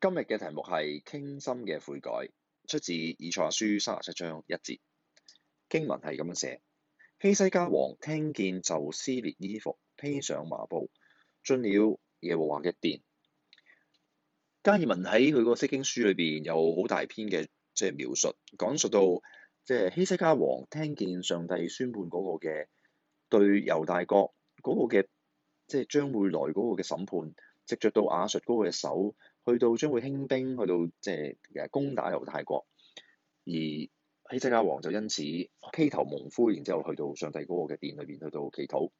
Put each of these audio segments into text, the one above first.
今日嘅題目係傾心嘅悔改，出自以賽亞書三十七章一節，經文係咁樣寫：希西家王聽見就撕裂衣服，披上麻布，進了耶和華嘅殿。加爾文喺佢個《釋經書》裏邊有好大篇嘅即係描述，講述到即係希西家王聽見上帝宣判嗰個嘅對猶大國嗰個嘅即係將會來嗰個嘅審判，直著到亞述嗰個嘅手。去到將會興兵去到，即係誒攻打猶太國，而希西家王就因此披頭蒙灰，然之後去到上帝嗰個嘅殿裏邊去到祈禱。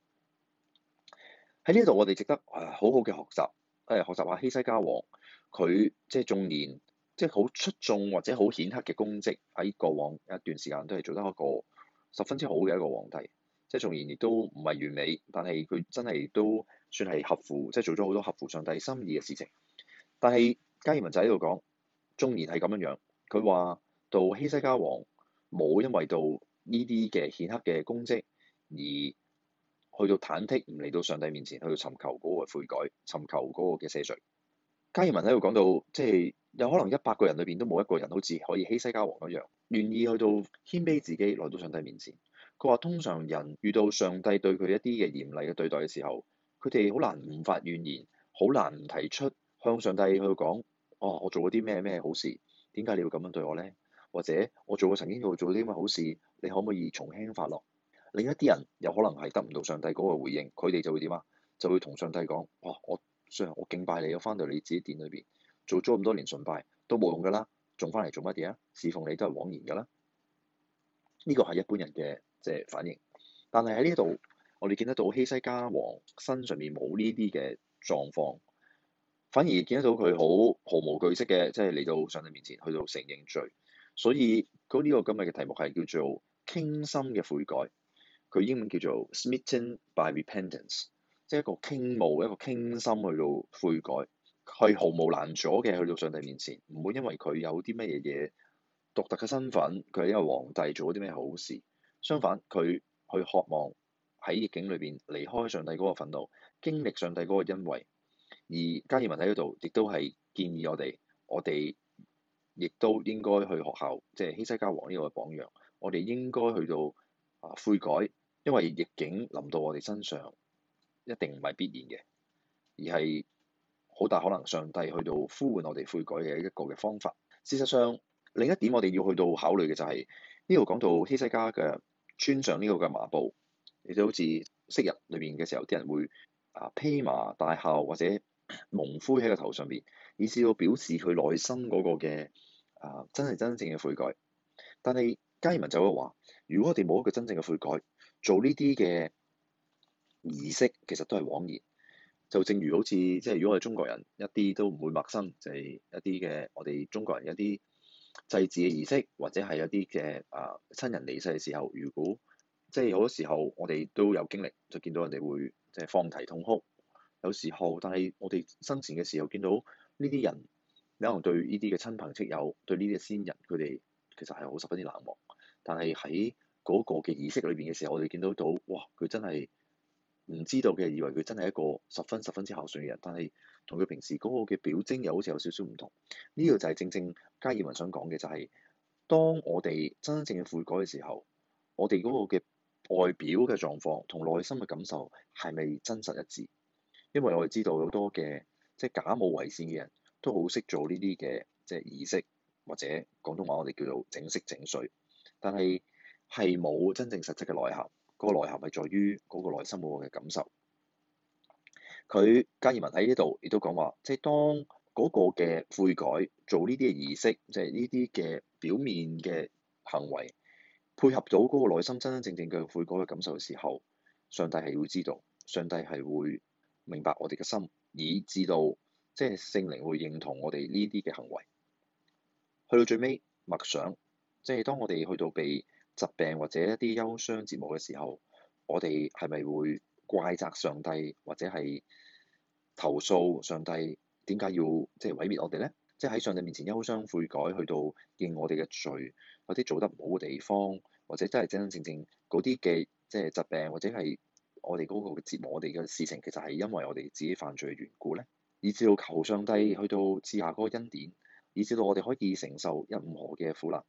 喺呢度，我哋值得誒好好嘅學習，誒學習下希西家王，佢即係縱然即係好出眾或者好顯赫嘅功績喺過往一段時間都係做得一個十分之好嘅一個皇帝。即係縱然亦都唔係完美，但係佢真係都算係合乎，即係做咗好多合乎上帝心意嘅事情。但係，加爾文就喺度講，縱然係咁樣樣，佢話到希西家王冇因為到呢啲嘅顯赫嘅功績而去到忐忑，唔嚟到上帝面前去到尋求嗰個悔改、尋求嗰個嘅赦罪。加爾文喺度講到，即係有可能一百個人裏邊都冇一個人好似可以希西家王一樣願意去到謙卑自己，來到上帝面前。佢話通常人遇到上帝對佢一啲嘅嚴厲嘅對待嘅時候，佢哋好難唔發怨言，好難唔提出。向上帝去講，哦，我做過啲咩咩好事？點解你要咁樣對我咧？或者我做過曾經喺度做過啲咩好事？你可唔可以從輕發落？另一啲人有可能係得唔到上帝嗰個回應，佢哋就會點啊？就會同上帝講，哇、哦！我上我，我敬拜你，我翻到你自己殿裏邊做咗咁多年順拜都冇用噶啦，仲翻嚟做乜嘢啊？侍奉你都係枉然噶啦。呢個係一般人嘅即係反應，但係喺呢度我哋見得到希西，西家王身上面冇呢啲嘅狀況。反而見得到佢好毫無懼色嘅，即係嚟到上帝面前去到承認罪。所以佢呢個今日嘅題目係叫做傾心嘅悔改。佢英文叫做 smitten by repentance，即係、就是、一個傾慕、一個傾心去到悔改，佢係毫無難阻嘅去到上帝面前，唔會因為佢有啲乜嘢嘢獨特嘅身份，佢係一個皇帝做咗啲咩好事。相反，佢去渴望喺逆境裏邊離開上帝嗰個憤怒，經歷上帝嗰個恩惠。而加爾文喺嗰度，亦都係建議我哋，我哋亦都應該去學校，即係希西家王呢個榜樣。我哋應該去到啊悔改，因為逆境臨到我哋身上，一定唔係必然嘅，而係好大可能上帝去到呼喚我哋悔改嘅一個嘅方法。事實上，另一點我哋要去到考慮嘅就係呢度講到希西家嘅穿上呢個嘅麻布，亦都好似昔日裏邊嘅時候啲人會啊披麻戴孝或者。蒙灰喺個頭上邊，以至到表示佢內心嗰個嘅啊真係真正嘅悔改。但係加爾文就話，如果我哋冇一個真正嘅悔改，做呢啲嘅儀式，其實都係枉然。就正如好似即係如果我哋中國人一啲都唔會陌生，就係、是、一啲嘅我哋中國人一啲祭祀嘅儀式，或者係一啲嘅啊親人離世嘅時候，如果即係好多時候我哋都有經歷，就見到人哋會即係、就是、放題痛哭。有時候，但係我哋生前嘅時候見到呢啲人，你可能對呢啲嘅親朋戚友，對呢啲嘅先人，佢哋其實係好十分之冷漠。但係喺嗰個嘅儀式裏邊嘅時候，我哋見到到哇，佢真係唔知道嘅，以為佢真係一個十分十分之孝順嘅人。但係同佢平時嗰個嘅表徵又好似有少少唔同。呢個就係正正加爾文想講嘅、就是，就係當我哋真真正正悔改嘅時候，我哋嗰個嘅外表嘅狀況同內心嘅感受係咪真實一致？因為我哋知道好多嘅即係假冒為善嘅人都好識做呢啲嘅即係儀式，或者廣東話我哋叫做整色整水。但係係冇真正實質嘅內涵。嗰、那個內涵係在於嗰個內心個嗰嘅感受。佢加爾文喺呢度亦都講話，即係當嗰個嘅悔改做呢啲嘅儀式，即係呢啲嘅表面嘅行為配合到嗰個內心真真正正嘅悔改嘅感受嘅時候，上帝係會知道，上帝係會。明白我哋嘅心，以至到即係聖靈會認同我哋呢啲嘅行為。去到最尾默想，即係當我哋去到被疾病或者一啲憂傷折磨嘅時候，我哋係咪會怪責上帝或者係投訴上帝點解要即係毀滅我哋咧？即係喺上帝面前憂傷悔改，去到認我哋嘅罪，有啲做得唔好嘅地方，或者真係真真正正嗰啲嘅即係疾病或者係。我哋嗰個嘅折磨，我哋嘅事情其實係因為我哋自己犯罪嘅緣故咧，以至到求上帝去到賜下嗰個恩典，以至到我哋可以承受任何嘅苦難，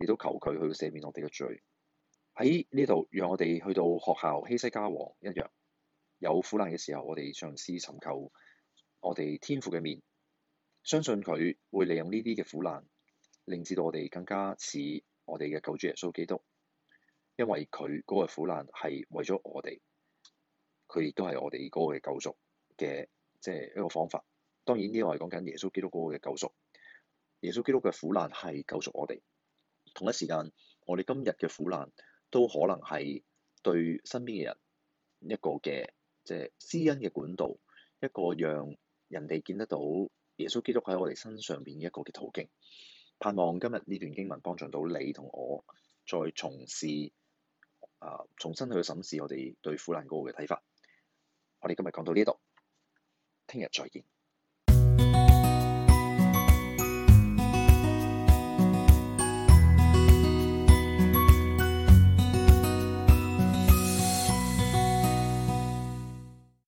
亦都求佢去赦免我哋嘅罪。喺呢度，讓我哋去到學校希西家王一樣有苦難嘅時候，我哋嘗試尋求我哋天父嘅面，相信佢會利用呢啲嘅苦難，令至到我哋更加似我哋嘅救主耶穌基督，因為佢嗰個苦難係為咗我哋。佢亦都係我哋嗰個嘅救贖嘅，即係一個方法。當然呢個係講緊耶穌基督嗰個嘅救贖。耶穌基督嘅苦難係救贖我哋。同一時間，我哋今日嘅苦難都可能係對身邊嘅人一個嘅，即係施恩嘅管道，一個讓人哋見得到耶穌基督喺我哋身上邊一個嘅途徑。盼望今日呢段經文幫助到你同我，再重視、啊，重新去審視我哋對苦難嗰個嘅睇法。我哋今日講到呢度，聽日再見。